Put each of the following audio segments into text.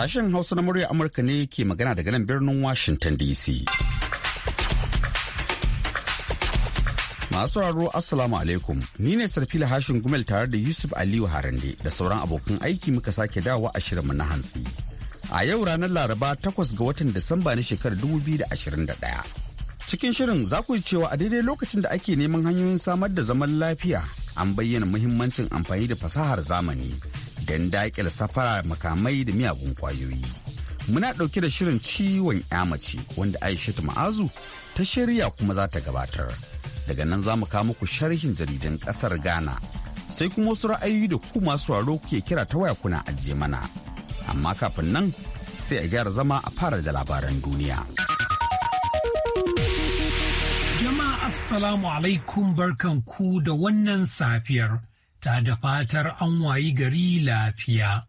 Sashen Hausa na murya Amurka ne ke magana daga nan birnin Washington DC. Masu raro Assalamu alaikum, ni ne Sarfila Hashin Gumel tare da Yusuf Aliyu Harande da sauran abokan aiki muka sake dawa a shirinmu na hantsi. A yau ranar Laraba 8 ga watan Disamba na shekarar 2021. Cikin shirin za ku ji cewa a daidai lokacin da ake neman hanyoyin samar da zaman lafiya an bayyana muhimmancin amfani da fasahar zamani don daƙil safara makamai da miyagun kwayoyi. Muna ɗauke da shirin ciwon mace wanda Aisha Ma'azu ta shirya kuma za ta gabatar. Daga nan za mu kawo muku sharhin jaridan ƙasar Ghana. Sai kuma wasu ra'ayoyi da ku masu waro kuke kira ta waya kuna ajiye mana. Amma kafin nan sai a gyara zama a fara da labaran duniya. Jama'a Assalamu alaikum barkan ku da wannan safiyar. ta da fatar an wayi gari lafiya.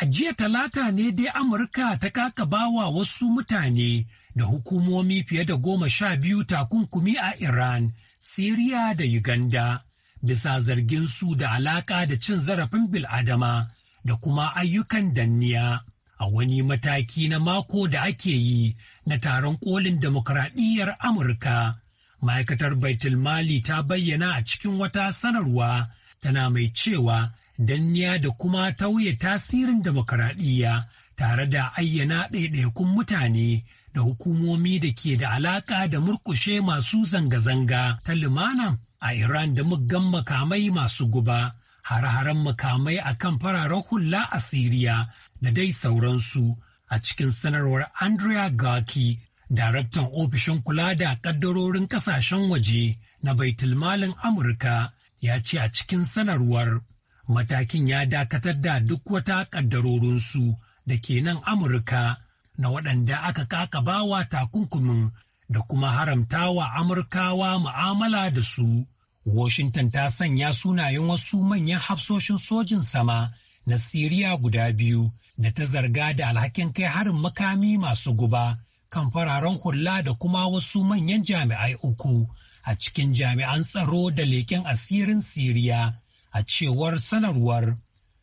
A jiya talata ne dai Amurka ta kaka bawa wasu mutane da hukumomi fiye da goma sha biyu takunkumi a Iran, Siriya da Uganda, bisa zargin su da alaka da cin zarafin bil'adama da kuma ayyukan danniya. A wani mataki na mako da ake yi na taron kolin demokradiyyar Amurka, ma'aikatar Baitul Mali ta bayyana a cikin wata sanarwa tana mai cewa danniya da kuma tauye tasirin demokaradiyya tare da ayyana ɗaiɗaikun mutane da hukumomi da ke da alaƙa da murkushe masu zanga-zanga ta lumana a Iran da muggan makamai masu guba, hare-haren makamai a kan fararen hula a Siriya da dai sauransu a cikin sanarwar Andrea Gaki, daraktan ofishin kula da ƙaddarorin ƙasashen waje na Baitulmalin Amurka. ya ce a cikin sanarwar matakin ya dakatar da duk wata ƙaddarorinsu da ke nan Amurka na waɗanda aka kakabawa takunkumin da kuma haramtawa Amurkawa mu'amala da su. Washington ta sanya sunayen wasu manyan hafsoshin sojin sama na Siriya guda biyu da ta zarga da alhakin kai harin makami masu guba kan fararen hula da kuma wasu manyan jami'ai uku a cikin jami'an tsaro da leken asirin Siriya a cewar sanarwar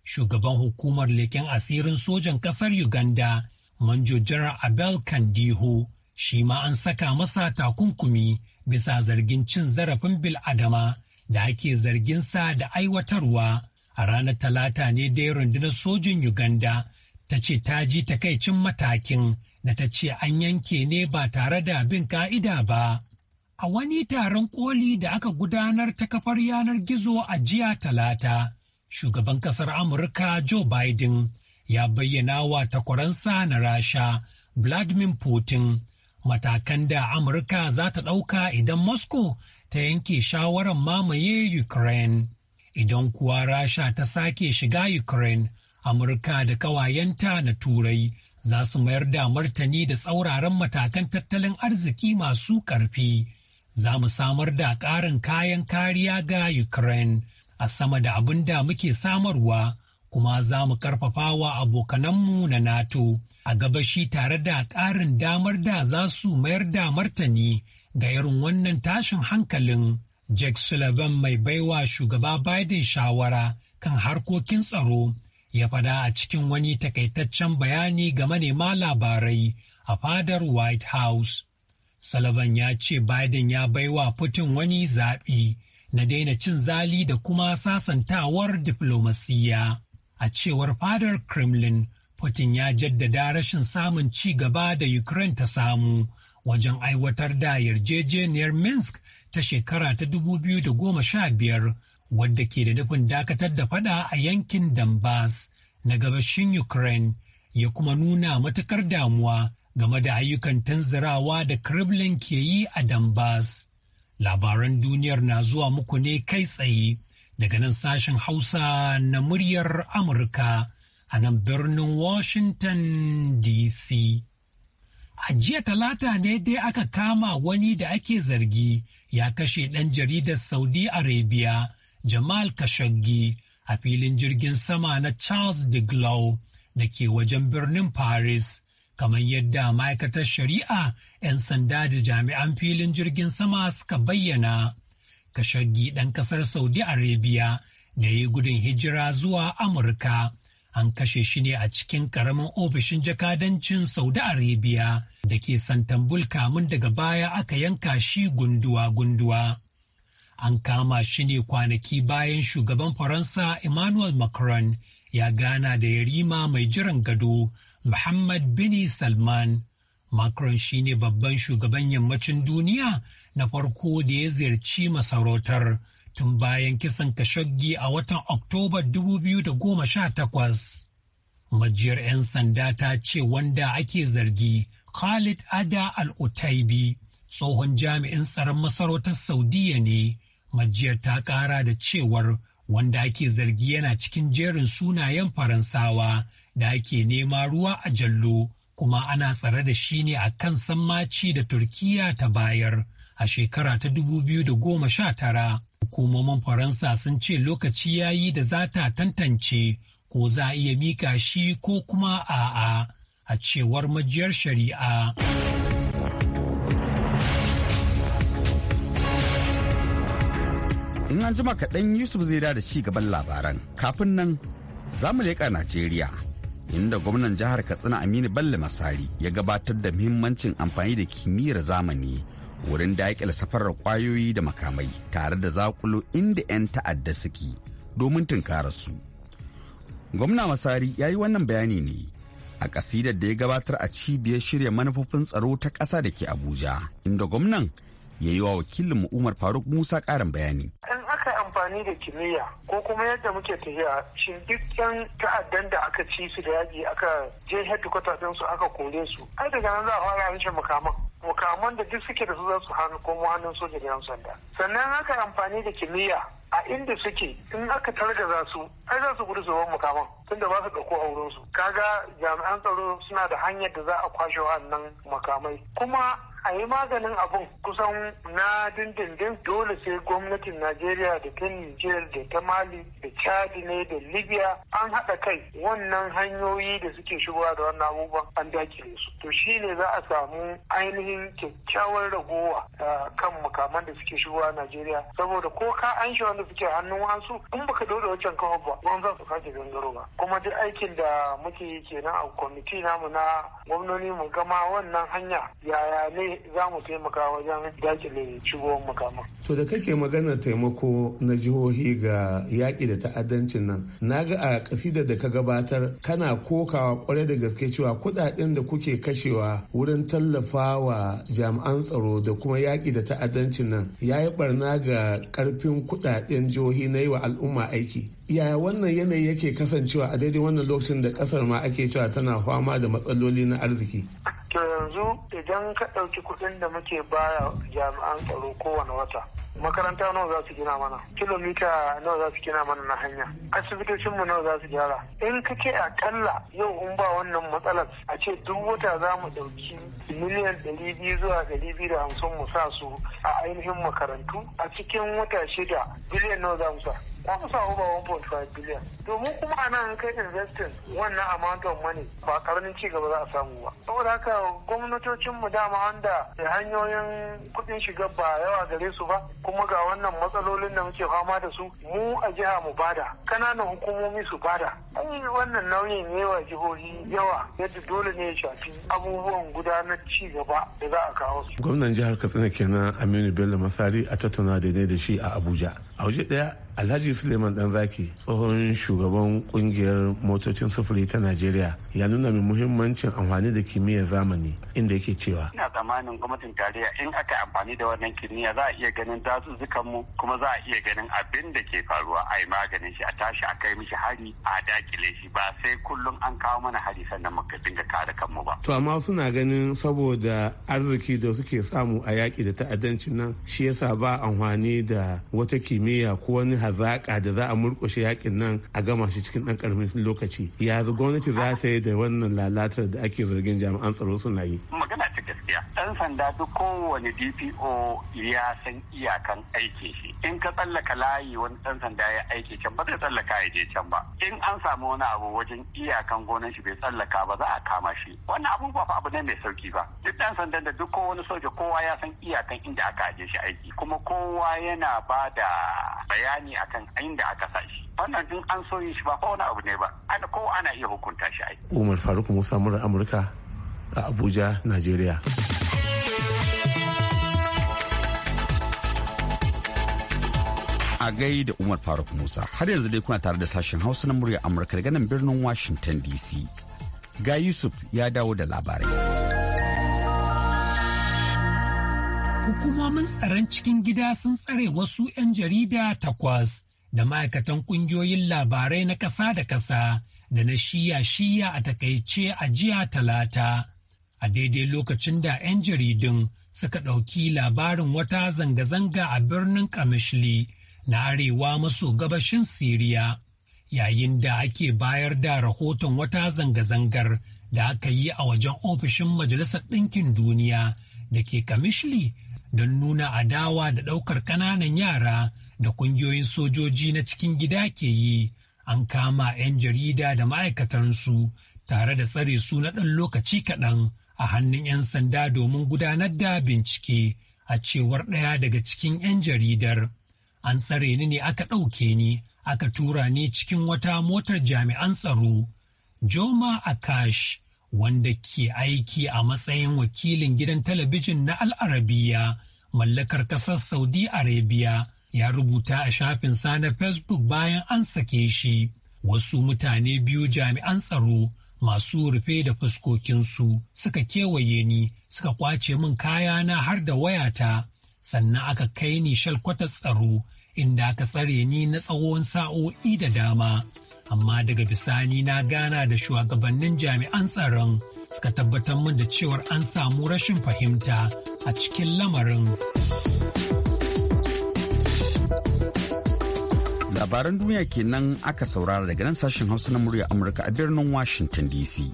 shugaban hukumar leken asirin sojan ƙasar Uganda Manjo Abel Kandiho shi ma an saka masa takunkumi bisa zargin cin zarafin bil'adama da ake zargin sa da aiwatarwa a ranar talata ne dai rundunar sojin Uganda ta ce ta ji takaicin matakin da ta ce an yanke ne ba tare da bin ka'ida ba. A wani taron koli da aka gudanar ta kafar yanar gizo a jiya talata, shugaban kasar Amurka Joe Biden ya bayyana wa takwaransa na Rasha, Vladimir Putin, matakan da Amurka za ta ɗauka idan Moscow ta yanke shawarar mamaye Ukraine. Idan kuwa Rasha ta sake shiga Ukraine, Amurka da kawayenta na Turai za su mayar da martani da tsauraran matakan tattalin arziki masu ƙarfi. za mu samar da ƙarin kayan kariya ga Ukraine a sama da abin da muke samarwa kuma za mu ƙarfafa wa abokananmu na NATO a gabashi tare da ƙarin damar da za su mayar da martani ga irin wannan tashin hankalin. Jack Sullivan mai baiwa shugaba Biden shawara kan harkokin tsaro ya fada a cikin wani takaitaccen bayani ga manema labarai a fadar White House. Sullivan ya ce Biden ya baiwa Putin wani zaɓi na daina cin zali da kuma sasantawar diflomasiyya. A cewar fadar Kremlin, Putin ya jaddada rashin samun ci gaba da Ukraine ta samu wajen aiwatar da yarjejeniyar Minsk ta shekara ta 2015 wadda ke da nufin dakatar da fada a yankin Donbass na gabashin Ukraine ya kuma nuna matukar damuwa game da ayyukan tanzirawa da Kremlin ke yi a Donbass. Labaran duniyar na zuwa muku ne kai tsaye daga nan sashen Hausa na muryar Amurka a nan birnin Washington DC. A jiya talata ne dai aka kama wani da ake zargi ya kashe ɗan jaridar Saudi Arabia Jamal Khashoggi a filin jirgin sama na Charles de Gaulle da ke wajen birnin Paris. kamar yadda ma'aikatar shari'a 'yan sanda da jami'an filin jirgin sama suka bayyana kashaggi ɗan ƙasar saudi arabia da ya yi gudun hijira zuwa amurka an kashe shi ne a cikin ƙaramin ofishin jakadancin saudi arabia da ke santambul kamun daga baya aka yanka shi gunduwa-gunduwa an kama shi ne kwanaki bayan shugaban faransa emmanuel macron ya gana da yarima mai jiran gado Muhammad bin Salman. Macron shine babban shugaban yammacin duniya na farko da ya ziyarci masarautar tun bayan kisan kashoggi a watan Oktoba 2018. Majiyar 'yan sanda ta ce wanda ake zargi Khalid Ada Al-Utaibi tsohon jami'in tsaron masarautar Saudiya ne. Majiyar ta kara da cewar wanda ake zargi yana cikin jerin sunayen Faransawa da ake nema ruwa a jallo kuma ana tsare da shi ne a kan sammaci da Turkiya ta bayar a shekara ta 2019. Hukumomin Faransa sun ce lokaci ya yi da za ta tantance ko za a iya mika shi ko kuma a'a a cewar majiyar shari'a. in an jima kaɗan yusuf zai da ci gaban labaran kafin nan za mu leƙa najeriya inda gwamnan jihar katsina aminu bello masari ya gabatar da muhimmancin amfani da kimiyyar zamani wurin daƙil safarar kwayoyi da makamai tare da zakulo inda 'yan ta'adda suke domin tunkara su gwamna masari ya yi wannan bayani ne a ƙasidar da ya gabatar a cibiyar shirya manufofin tsaro ta ƙasa da ke abuja inda gwamnan ya yi wa wakilin umar faruk musa ƙarin bayani aka yi amfani da kimiyya ko kuma yadda muke tafiya shin duk yan ta'addan da aka ci su da yaji aka je headquarter din su aka kore su ai daga nan za a fara rushe makaman mukaman da duk suke da su za su hannu ko hannun soja yan sanda sannan aka yi amfani da kimiyya a inda suke in aka targaza su ai za su gudu su ban mukaman tunda ba su dauko a wurin su kaga jami'an tsaro suna da hanyar da za a kwashe wa'annan makamai kuma a yi maganin abin kusan na dindindin dole sai gwamnatin najeriya da ta nijar da ta mali da chadi ne da libya an haɗa kai wannan hanyoyi da suke shigowa da wannan abubuwan an dakile su to shi ne za a samu ainihin kyakkyawar ragowa kan mukaman da suke shigowa najeriya saboda ko ka an shi wanda suke hannun wasu in baka dole wancan kawo ba gwamnati za su sake gangaro ba kuma duk aikin da muke yi kenan a kwamiti namu na gwamnoni mu gama wannan hanya yaya ne za mu taimaka wajen dakile shigowar makaman. To da kake maganar taimako na jihohi ga yaƙi da ta'addancin nan, na ga a ƙasida da ka gabatar kana kokawa ƙwarai da gaske cewa kuɗaɗen da kuke kashewa wurin tallafawa jami'an tsaro da kuma yaƙi da ta'addancin nan ya yi barna ga ƙarfin kuɗaɗen jihohi na yi wa al'umma aiki. yaya wannan yanayi yake kasancewa a daidai wannan lokacin da kasar ma ake cewa tana fama da matsaloli na arziki to yanzu idan ka ɗauki kuɗin da muke baya jami'an tsaro kowane wata makaranta nawa za su gina mana kilomita nawa za su gina mana na hanya asibitocinmu nawa za su gyara in ka a akalla yau in ba wannan matsalar a ce duk wata za mu ɗauki miliyan ɗari biyu zuwa ɗari biyu da hamsin mu sa su a ainihin makarantu a cikin wata shida biliyan nawa za mu sa za mu samu point 1.5 billion domin kuma a nan kai investing wannan amount of money ba karamin ci gaba za a samu ba saboda haka gwamnatocin mu dama wanda da hanyoyin kuɗin shiga ba yawa gare su ba kuma ga wannan matsalolin da muke fama da su mu a jiha mu bada kananan hukumomi su bada ai wannan nauyin ne wa jihohi yawa yadda dole ne ya shafi abubuwan gudanar ci gaba da za a kawo su gwamnan jihar katsina kenan aminu bello masari a tattauna da ne da shi a abuja a waje daya alhaji suleiman danzaki tsohon shugaban kungiyar motocin sufuri ta najeriya ya nuna mai muhimmancin amfani da kimiyyar zamani inda yake cewa ina tsammanin gwamnatin tarayya in aka amfani da wannan kimiyya za a iya ganin dazuzzukan mu kuma za a iya ganin abin da ke faruwa a yi maganin shi a tashi a kai mishi hari a dakile shi ba sai kullum an kawo mana hari sannan muka dinga kare kanmu ba to amma suna ganin saboda arziki da suke samu a yaki da ta'addancin nan shi yasa ba amfani da wata kimiyya kimiyya ko wani hazaƙa da za a murƙushe yaƙin nan a gama shi cikin ɗan ƙaramin lokaci yanzu gwamnati za ta yi da wannan lalatar da ake zargin jami'an tsaro suna yi. magana gaskiya ɗan sanda duk kowane dpo ya san iyakan aiki shi in ka tsallaka layi wani ɗan sanda ya aiki can ba zai tsallaka ya je can ba in an samu wani abu wajen iyakan gonan shi bai tsallaka ba za a kama shi wannan abun ba abu ne mai sauki ba duk ɗan sandan da duk wani soja kowa ya san iyakan inda aka aje shi aiki kuma kowa yana ba da bayani akan inda aka sa shi wannan in an so yi shi ba kowane abu ne ba ko ana iya hukunta shi aiki. Umar Faruk Musa murar Amurka a Abuja, Najeriya. Agai da Umar Faruk Musa. Har yanzu dai kuna tare da sashen Hausa na murya Amurka daga nan birnin Washington DC. Ga Yusuf ya dawo da labarai. Hukumomin tsaron cikin gida sun tsare wasu 'yan jarida takwas da ma'aikatan kungiyoyin labarai na ƙasa da ƙasa da na shiya-shiya a takaice a jiya talata. a daidai lokacin da 'yan jaridun suka ɗauki labarin wata zanga-zanga a birnin Kamishli na arewa maso gabashin Siriya, yayin da ake bayar da rahoton wata zanga-zangar da aka yi a wajen ofishin Majalisar Ɗinkin Duniya da ke Kamishli don nuna adawa da ɗaukar ƙananan yara da ƙungiyoyin sojoji na cikin gida ke yi, an kama 'yan jarida da ma'aikatansu tare da tsare su na ɗan lokaci kaɗan. a hannun 'yan sanda domin gudanar da bincike a cewar ɗaya daga cikin 'yan jaridar. An tsare ni ne aka ɗauke ni, aka tura ni cikin wata motar jami'an tsaro. Joma Akash, wanda ke aiki a matsayin wakilin gidan talabijin na Al'arabiya, mallakar ƙasar Saudi Arabia, ya rubuta a shafinsa na Facebook bayan an sake shi. Wasu mutane biyu jami'an tsaro masu rufe da fuskokinsu suka kewaye ni suka kwace min kayana har da wayata sannan aka kai ni shalkwata tsaro inda aka tsare ni na tsawon sa'o'i da dama amma daga bisani na gana da shugabannin jami'an tsaron suka tabbatar min da cewar an samu rashin fahimta a cikin lamarin. labaran duniya kenan aka saurara daga nan sashen hausa na murya amurka a birnin washington dc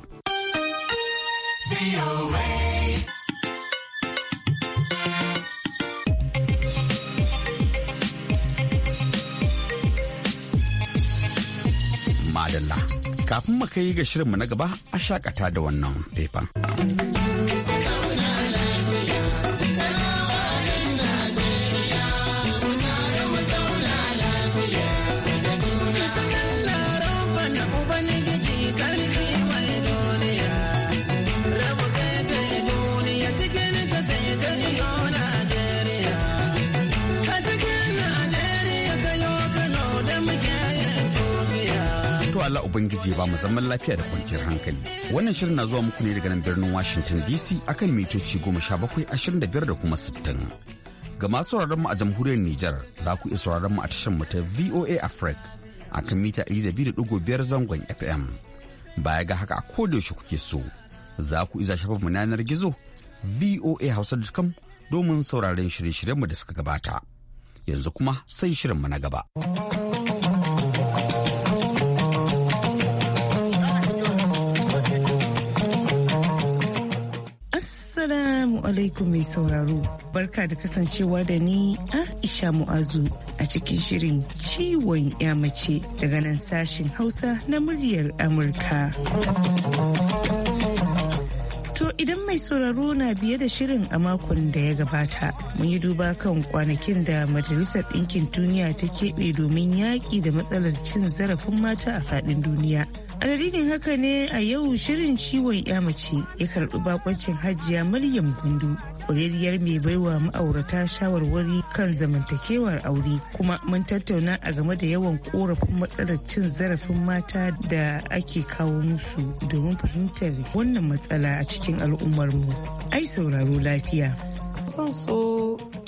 madalla kafin mu kai ga shirinmu na gaba a shakata da wannan faifan. Ubangiji ba mu zaman lafiya da kwanciyar hankali. Wannan shirin na zuwa muku ne daga nan birnin Washington DC akan mitoci goma sha bakwai ashirin da biyar da kuma sittin. Ga masu mu a jamhuriyar Nijar za ku iya mu a tashar mu ta VOA Africa akan mita ɗari da biyu da ɗigo biyar zangon FM. Baya ga haka a yaushe kuke so za ku iya shafa mu yanar gizo voa hausa kam domin sauraron shirye shiryen mu da suka gabata. Yanzu kuma sai mu na gaba. Assalamu alaikum mai sauraro. Barka da kasancewa da ni Aisha Mu'azu a cikin shirin ciwon ya mace daga nan sashen Hausa na muryar Amurka. To idan mai sauraro na biye da shirin a makon da ya gabata, mun yi duba kan kwanakin da Majalisar Ɗinkin Duniya ta keɓe domin yaƙi da matsalar cin zarafin mata a faɗin duniya. A haka ne a yau shirin ciwon ya mace ya karɓi bakoncin hajiya Maryam Gundu. Ƙwararriyar mai baiwa ma'aurata shawarwari kan zamantakewar aure kuma mun tattauna a game da yawan korafin matsalar cin zarafin mata da ake kawo musu domin fahimtar wannan matsala a cikin al'ummarmu. Ai sauraro lafiya.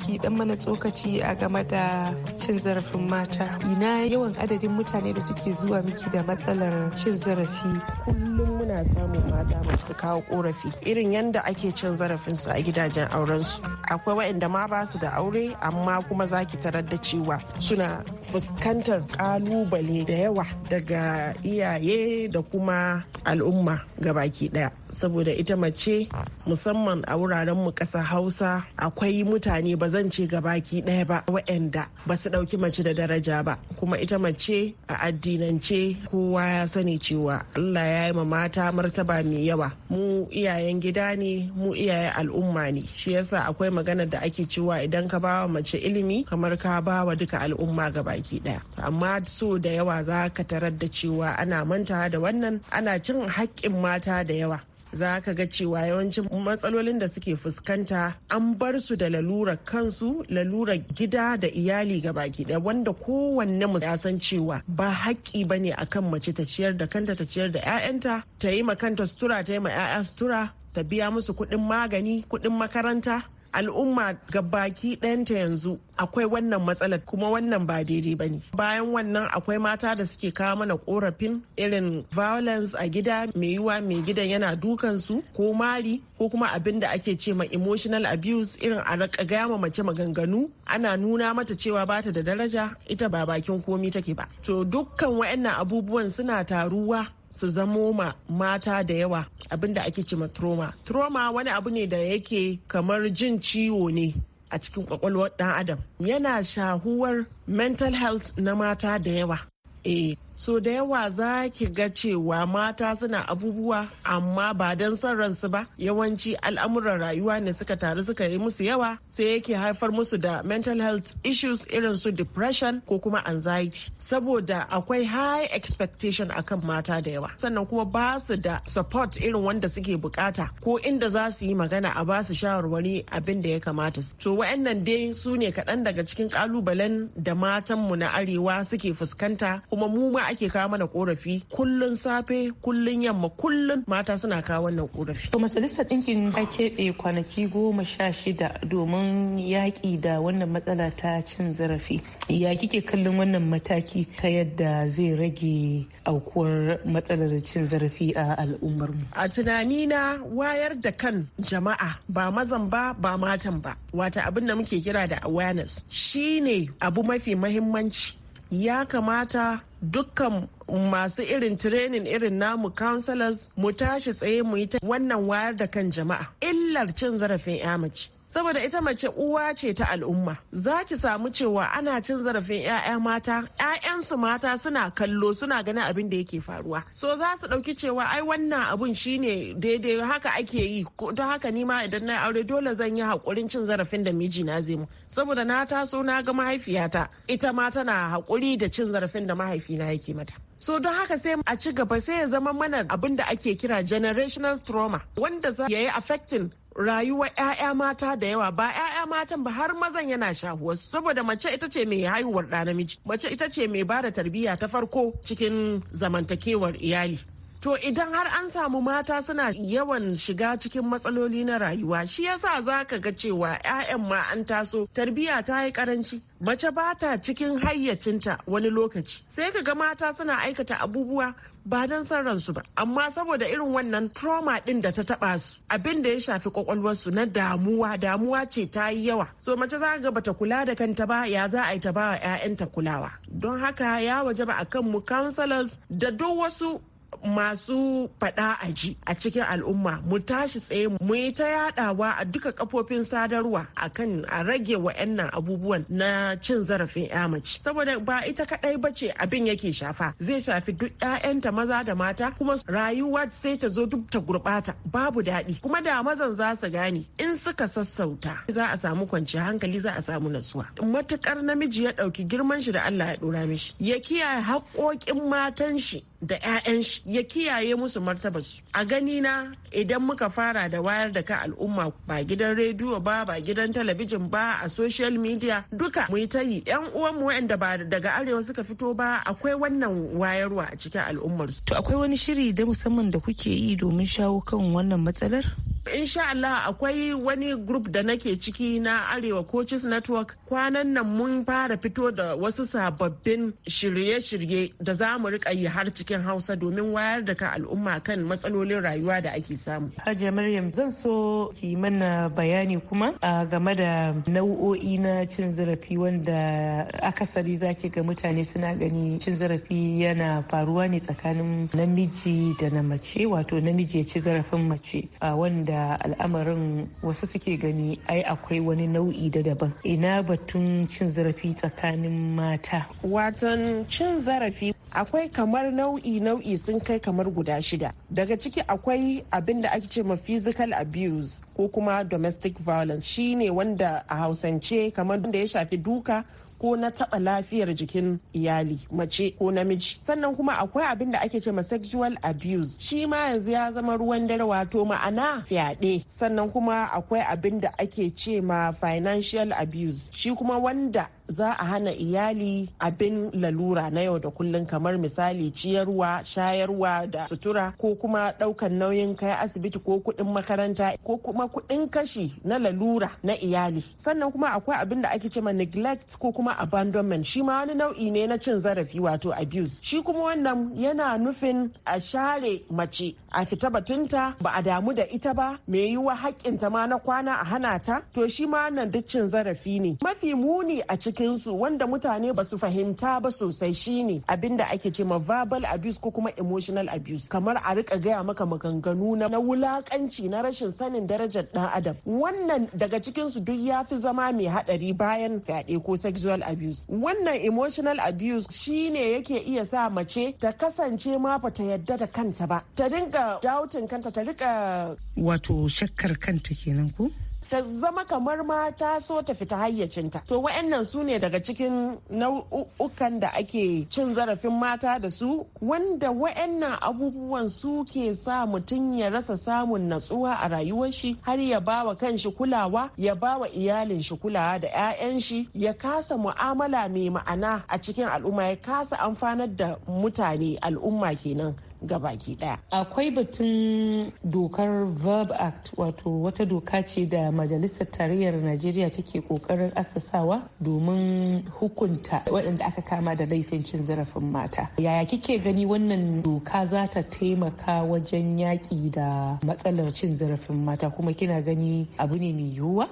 ki dan mana tsokaci a game da cin zarafin mata ina yawan adadin mutane da suke zuwa miki da matsalar cin zarafi kullum ana samun mata masu kawo korafi irin yadda ake cin zarafin su a gidajen aurensu akwai waɗanda ma ba su da aure amma kuma za ki tarar da cewa suna fuskantar kalubale da yawa daga iyaye da kuma al'umma ga baki daya saboda ita mace musamman a wuraren mu ƙasa hausa akwai mutane ba zan ce gabaki daya ba waɗanda ba su ɗauki mace da daraja ba kuma ita mace a addinance kowa ya sani cewa allah ya yi ma mata ta martaba mai yawa mu iyayen gida ne mu iyayen al'umma ne shi yasa akwai maganar da ake cewa idan ka bawa mace ilimi kamar ka bawa duka al'umma ga baki daya amma so da yawa za ka tarar da cewa ana manta da wannan ana cin haƙƙin mata da yawa za ka ga cewa yawancin matsalolin da suke fuskanta an bar su da lalurar kansu lalurar gida da iyali ga baki da wanda kowanne mu ya san cewa ba haƙƙi ba ne akan mace ta ciyar da kanta ta ciyar da 'ya'yanta ta yi ma kanta sutura ta yi ma 'ya'ya sutura ta biya musu kuɗin magani kuɗin makaranta al'umma ga baki ɗayanta yanzu akwai wannan matsalar kuma wannan ba daidai ba ne bayan wannan akwai mata da suke kawo mana korafin irin violence a gida mai yiwa mai gidan yana dukan su ko mari ko kuma abin da ake ce ma emotional abuse irin a raka gaya ma mace maganganu ana nuna mata cewa bata da daraja ita ba bakin komi take ba to dukkan waɗannan abubuwan suna taruwa su zamo ma mata da yawa abinda ake ce ma trauma trauma wani abu ne da yake kamar jin ciwo ne a cikin kwakwalwar dan adam yana shahuwar mental health na mata da yawa e so da yawa za ki ga cewa mata suna abubuwa amma ba don son ransu ba yawanci al'amuran rayuwa ne suka taru suka yi musu yawa sai yake haifar musu da mental health issues irin su depression ko kuma anxiety saboda akwai high expectation akan mata da yawa sannan kuma ba su da support irin wanda suke bukata ko inda za su yi magana a ba su shawarwari abin da ya kamata to wa'annan dai su ne kaɗan daga cikin ƙalubalen da matanmu na arewa suke fuskanta kuma mu ake kawo mana korafi kullun safe kullun yamma kullun mata suna kawo wannan korafi. To majalisar ɗinkin ta keɓe kwanaki goma sha shida domin yaƙi da wannan matsala ta cin zarafi. Ya kike kallon wannan mataki ta yadda zai rage aukuwar matsalar cin zarafi a al'ummar mu A tunani na wayar da kan jama'a ba mazan ba ba matan ba. Wata abin da muke kira da awareness shine abu mafi mahimmanci ya kamata dukkan masu irin training irin namu counselors mu tashi tsaye mu yi ta wannan wayar da kan jama'a illar cin zarafin mace saboda ita mace uwa ce ta al'umma za ki samu cewa ana cin zarafin 'ya'ya mata 'ya'yansu mata suna kallo suna ganin abin da yake faruwa so za su ɗauki cewa ai wannan abun shine daidai haka ake yi don haka ni ma idan na aure dole zan yi haƙurin cin zarafin da na zai mu saboda na taso na ga mahaifiyata ita ma tana haƙuri da cin zarafin da mahaifina yake mata so don haka sai a ci gaba sai ya zama mana abin da ake kira generational trauma wanda za ya yi affecting rayuwar 'ya'ya mata da yawa ba 'ya'ya matan ba har mazan yana shahuwar saboda mace ita ce mai haihuwar ɗa namiji mace ita ce mai bada tarbiyya ta farko cikin zamantakewar iyali To idan har an samu mata suna yawan shiga cikin matsaloli na rayuwa shi yasa za ka ga cewa 'ya'yan ma an taso tarbiyya ta yi karanci mace ba ta cikin hayyacinta wani lokaci sai ka ga mata suna aikata abubuwa ba don son ransu ba amma saboda irin wannan trauma din da ta taba su abin da ya shafi kwakwalwarsu na damuwa damuwa ce ta yi yawa so mace za ga bata kula da kanta ba ya za a yi ta ba wa 'ya'yanta kulawa don haka ya waje ba akan mu counselors da duk wasu masu faɗa a ji a cikin al'umma mu tashi tsaye mu yi ta yadawa a duka kafofin sadarwa akan a rage wa'annan abubuwan na cin zarafin ya mace saboda ba ita kadai bace abin yake shafa zai shafi duk ƴaƴanta maza da mata kuma rayuwa sai ta zo duk ta gurɓata, babu daɗi kuma da mazan za su gane in suka sassauta za a samu kwanciyar hankali za a samu natsuwa matukar namiji ya ɗauki girman shi da Allah ya ɗora mishi ya kiyaye haƙoƙin matan shi da 'ya'yan shi ya kiyaye musu martabarsu a gani na idan muka fara da wayar da kan al'umma ba gidan rediyo ba ba gidan talabijin ba a social media duka mu yi ta yi yan uwanmu waɗanda ba daga arewa suka fito ba akwai wannan wayarwa a cikin al'ummarsu to akwai wani shiri da musamman da kuke yi domin shawo kan wannan matsalar insha Allah akwai wani group da nake ciki na Arewa Coaches Network kwanan nan mun fara fito da wasu sababbin shirye-shirye da za mu rika yi har cikin Hausa domin wayar da kan al'umma kan matsalolin rayuwa da ake samu. Hajiya Maryam zan so ki mana bayani kuma a game da nau'o'i na cin zarafi wanda akasari zaki ga mutane suna gani cin zarafi yana faruwa ne tsakanin namiji da na mace wato namiji ya ci zarafin mace wanda da al'amarin wasu suke gani ai akwai wani nau'i da daban ina batun cin zarafi tsakanin mata watan cin zarafi akwai kamar nau'i nau'i sun kai kamar guda shida daga ciki akwai abin da ake ce ma physical abuse ko kuma domestic violence shine wanda a hausance kamar da ya shafi duka ko na taɓa lafiyar jikin iyali mace ko namiji sannan kuma akwai abin da ake ce ma sexual abuse shi ma yanzu ya zama ruwan dare wato ma'ana fyaɗe sannan kuma akwai abin da ake ce ma financial abuse shi kuma wanda za a hana iyali abin lalura na yau da kullum kamar misali ciyarwa shayarwa da sutura ko kuma ɗaukan nauyin kai asibiti ko kuɗin makaranta ko kuma kuɗin kashi na lalura na iyali sannan kuma akwai abin da ake cewa neglect ko kuma abandonment shi ma wani nau'i ne na cin zarafi wato abuse shi kuma wannan yana nufin a share mace a fita batunta ba a damu da ita ba me yiwa haƙƙinta ma na kwana a hana ta to shi ma wannan duk cin zarafi ne mafi muni a cikin cikinsu wanda mutane ba su fahimta ba sosai shine abin da ake ce ma verbal abuse ko kuma emotional abuse kamar a rika gaya maka maganganu na wulakanci na rashin sanin darajar dan adam wannan daga cikinsu duk ya fi zama mai hadari bayan fyaɗe ko sexual abuse wannan emotional abuse shine yake iya sa mace ta kasance ma ba ta yadda da kanta ba ta dinga dautin kanta ta rika wato shakkar kanta kenan ko ta zama kamar ma ta so ta fita hayyacinta to wa'annan su ne daga cikin nau'ukan da ake cin zarafin mata da su wanda wa'annan abubuwan su ke sa mutum ya rasa samun natsuwa a rayuwar shi har ya bawa shi kulawa ya bawa iyalin shi kulawa da 'ya'yan shi ya kasa mu'amala mai ma'ana a cikin al'umma ya kasa amfanar da mutane al'umma kenan gabaki daya akwai batun dokar verb act wato wata doka ce da majalisar tarayyar najeriya take kokarin assasawa domin hukunta waɗanda aka kama da laifin cin zarafin mata yaya kike gani wannan doka za ta taimaka wajen yaƙi da matsalar cin zarafin mata kuma kina gani abu ne mai yiwuwa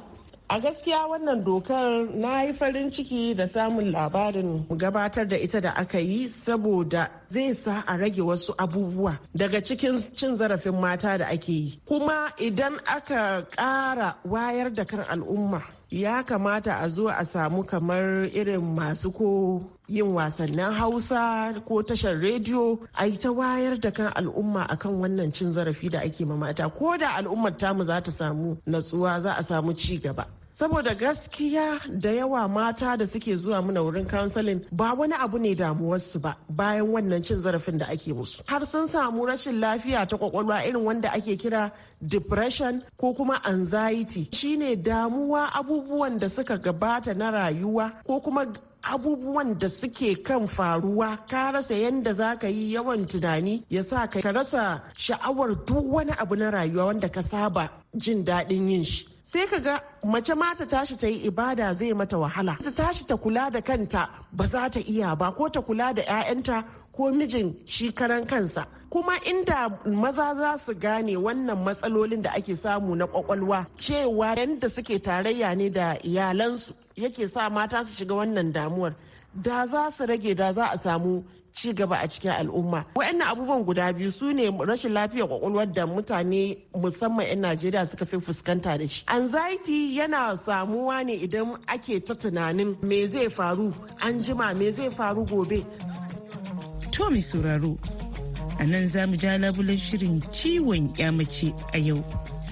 a gaskiya wannan dokar na yi farin ciki da samun labarin gabatar da ita da aka yi saboda zai sa a rage wasu abubuwa daga cikin cin zarafin mata da ake yi kuma idan aka ƙara wayar da kan al'umma ya kamata a zo a samu kamar irin masu ko yin wasannin hausa ko tashar rediyo a yi ta wayar da kan al'umma akan wannan cin zarafi da ake ma mata ko da al'ummar tamu za ta samu natsuwa za a samu ci gaba saboda gaskiya da yawa mata da suke zuwa muna wurin kansalin ba wani abu ne damuwarsu ba bayan wannan cin zarafin da ake musu har sun samu rashin lafiya ta kwakwalwa irin wanda ake kira depression ko kuma anxiety shine damuwa abubuwan da suka gabata na rayuwa ko kuma abubuwan da suke kan faruwa ka rasa yadda za ka yi yawan tunani ya sa ka rasa sha'awar duk wani abu na rayuwa wanda ka saba jin daɗin yin shi sai ka ga mace ma ta tashi ta yi ibada zai mata wahala ta tashi ta kula da kanta ba za ta iya ba ko ta kula da 'ya'yanta ko mijin shi karan kansa kuma inda maza za su gane wannan matsalolin da ake samu na kwakwalwa cewa yadda suke tarayya ne da iyalansu yake sa mata su shiga wannan damuwar da za su rage da za a samu ci gaba a cikin al'umma wa'annan abubuwan guda biyu su ne rashin lafiyar kwakwalwar da mutane musamman 'yan najeriya suka fi fuskanta da shi anxiety yana samuwa ne idan ake ta tunanin me zai faru an jima me zai faru gobe to mai sauraro a nan za mu ja labulen shirin ciwon mace a yau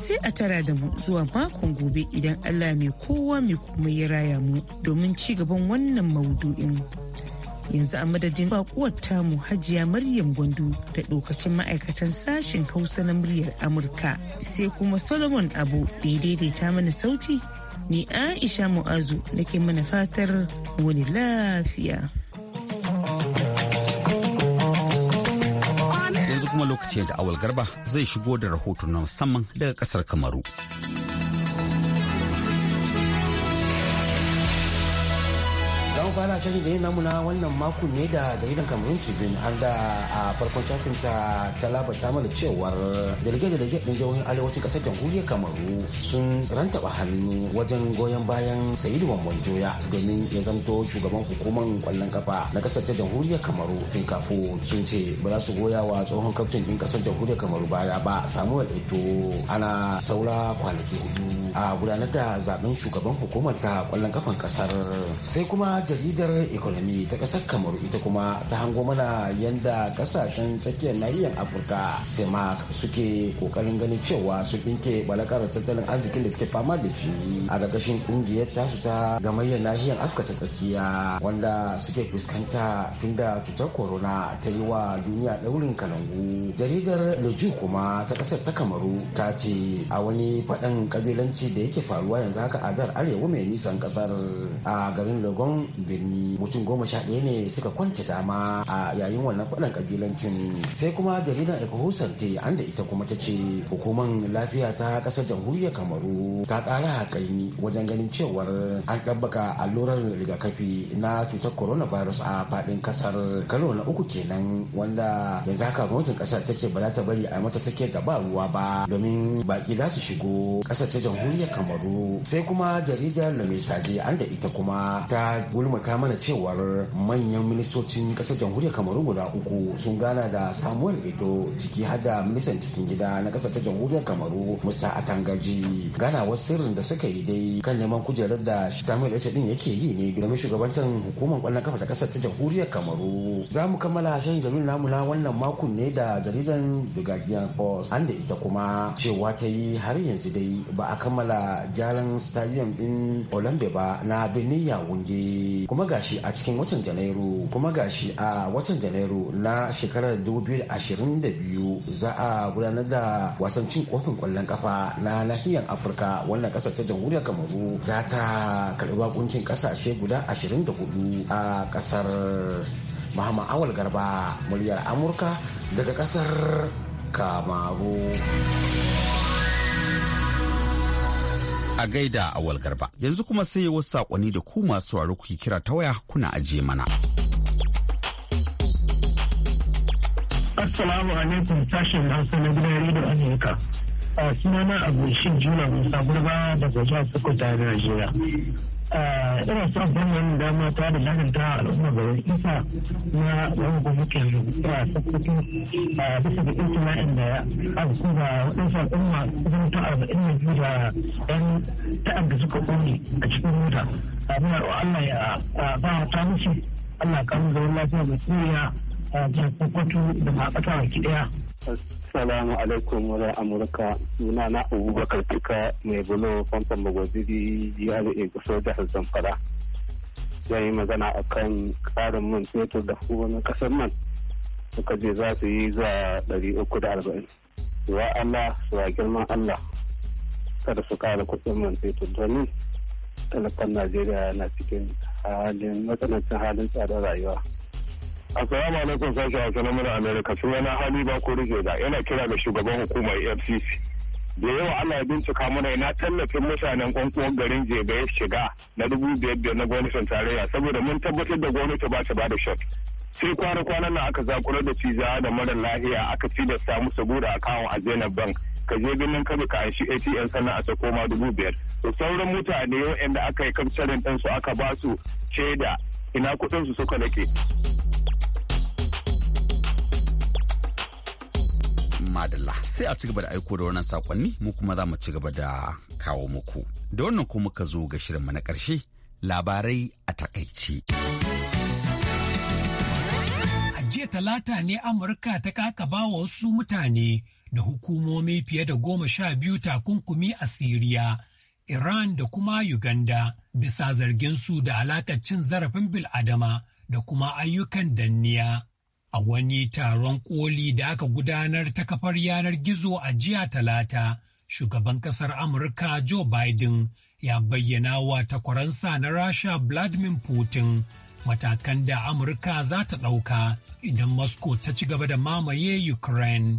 sai a tara da mu zuwa makon gobe idan allah mai kowa mai komai ya raya mu domin ci gaban wannan maudu'in yanzu a madadin bakuwar tamu hajiya maryam gwandu da dokacin ma'aikatan sashen hausa na muryar amurka sai kuma solomon abu da ya daidaita mana sauti ni aisha mu'azu nake mana fatar wani lafiya yanzu kuma lokaci da awal garba zai shigo da rahoton na musamman daga kasar kamaru fara shirin jaridar namu na wannan makon ne da jaridar Cameroon bin har da a farkon shafin ta ta labarta mana cewar dalge-dalge din jihohin arewacin kasar jamhuriyar Kamaru sun rantaba hannu wajen goyon bayan Sayidu joya domin ya zamto shugaban hukumar kwallon kafa na kasar ta jamhuriyar Kamaru Finkafo sun ce ba za su goya wa tsohon kaftin din kasar jamhuriyar Kamaru baya ba samuwar Eto ana saura kwanaki hudu a gudanar da zaben shugaban hukumar ta kwallon kafan kasar sai kuma jaridar jaridar ekonomi ta kasar kamaru ita kuma ta hango mana yadda kasashen tsakiyar nahiyar afirka semak suke kokarin ganin cewa su dinke balakar tattalin arzikin da suke fama da shi a gagashin ƙungiyar tasu ta gamayyar nahiyar afirka ta tsakiya wanda suke fuskanta tun da cutar corona ta yi wa duniya ɗaurin kalangu jaridar leju kuma ta kasar ta kamaru ta ce a wani faɗan kabilanci da yake faruwa yanzu haka a jihar arewa mai nisan ƙasar a garin lagon birni mutum goma sha ɗaya ne suka kwance dama a yayin wannan faɗan kabilancin sai kuma jaridar ecohusan ta an da ita kuma ta ce hukumar lafiya ta ƙasar jamhuriyar kamaru ta ƙara haƙaimi wajen ganin cewar an ɗabbaka allurar rigakafi na cutar corona virus a faɗin ƙasar karo na uku kenan wanda yanzu haka gwamnatin ƙasar ta ce ba za ta bari a mata sake ba ruwa ba domin baƙi za su shigo ƙasar ta jamhuriyar kamaru sai kuma jaridar lamisadi an da ita kuma ta gulma labarta mana cewar manyan ministocin kasar jamhuriyar kamaru guda uku sun gana da samuel ido ciki har da ministan cikin gida na kasar ta jamhuriyar kamaru musta atangaji ganawar sirrin da suka yi dai kan neman kujerar da samuel ito din yake yi ne domin shugabantar hukumar kwallon kafa ta kasar ta jamhuriyar kamaru za mu kammala shan jaridar namu na wannan makon ne da jaridan the guardian post an da ita kuma cewa ta yi har yanzu dai ba a kammala gyaran stadium din olambe ba na birnin yawunde kuma gashi a cikin watan janairu kuma gashi a watan janairu na shekarar 2022 za a gudanar da wasan cin kofin kwallon kafa na nahiyar afirka wannan kasar ta jamhuriyar kamaru za ta karbi bakuncin kasashe guda 24 a kasar muhammad awal garba muryar amurka daga kasar kamaru A gaida a Garba. Yanzu kuma sai wasu saƙonni da ku masu sauraro kuke kira ta waya kuna ajiye mana. Assalamu alaikum tashin Hausa na gidan da Amurka. A sunana Abu shi Jula Musa da daga jihar Sokoto, Najeriya. Eh, ina son gwamnan dama ta da a al'umma ga wani isa na wani gwamnatin ya sakkwato a eh, bisa ga intana'in da abu ba waɗansu al'umma kusan ta arba'in da biyu da ɗan ta'adda suka ƙone a cikin mota eh, abin Allah ya ba ta musu Allah kan zaman lafiya mai tsiriya a jihar sakkwato da ma ƙasa baki ɗaya Assalamu alaikum wa Amurka suna na Abubakar Tuka mai bulo famfan magwaziri jihar soja a Zamfara. Zan yi magana a kan ƙarin man fetur da na kasar man suka je za su yi zuwa ɗari uku da arba'in. Wa Allah su wa girman Allah kada su ƙara kuɗin man fetur domin talakan Najeriya na cikin halin matsanancin halin tsadar rayuwa. Assalamu alaikum sashi Hausa sanar mana Amerika sunana Hali ba ko da yana kira ga shugaban hukumar FCC. Da yawa ana bincika mana ina tallafin mutanen kwankuwan garin Jebe ya shiga na dubu biyar biyar na gwamnatin tarayya saboda mun tabbatar da gwamnati ba ta bada shot. Sai kwana kwanan na aka zakura da ciza da mara lahiya aka da samu saboda akawun a Zainab Bank. ka je birnin kada ka shi ATM sannan a sako ma dubu biyar. da sauran mutane inda aka yi kamsarin ɗansu aka ba su ina kuɗinsu suka nake. madalla sai a ci gaba da aiko da wannan sakonni mu kuma za mu ci gaba da kawo muku da wannan ko muka zo ga shirinmu na ƙarshe labarai a takaice. a jiya talata ne amurka ta kaka wa wasu mutane da hukumomi fiye da goma sha biyu takunkumi a siriya iran da kuma uganda bisa zargin su da alakacin zarafin bil'adama da kuma ayyukan danniya. a wani taron koli da aka gudanar ta kafar yanar gizo a jiya talata shugaban kasar amurka joe biden ya bayyana wa takwaransa na rasha vladimir putin matakan da amurka za ta ɗauka idan moscow ta ci gaba da mamaye ukraine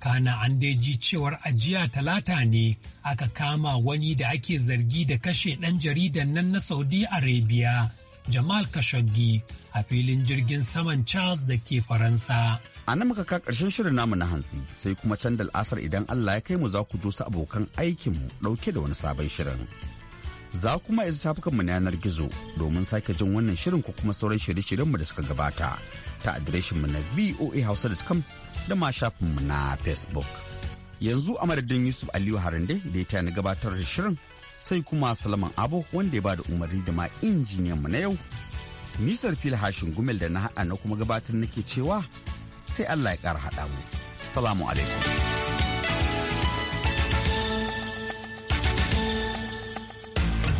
kana an ji cewar ajiya talata ne aka kama wani da ake zargi da kashe ɗan jaridan nan na saudi arabia Jamal Khashoggi a filin jirgin saman Charles da ke Faransa. A nan muka ƙarshen shirin namu na hantsi sai kuma can da al'asar idan Allah ya kai mu za ku jo su abokan aikinmu ɗauke da wani sabon shirin. Za kuma isa mu na yanar gizo domin sake jin wannan shirin ko kuma sauran shirye mu da suka gabata ta mu na voahausa.com da ma mu na Facebook. Yanzu a madadin Yusuf Aliyu Harande da ya na gabatar da shirin sai kuma salaman Abo wanda ya bada umarni da ma injiniyan mu na yau. Nisar fil hashin gumel da na haɗa na kuma gabatar nake cewa sai Allah ya ƙara haɗa mu. Salamu alaikum.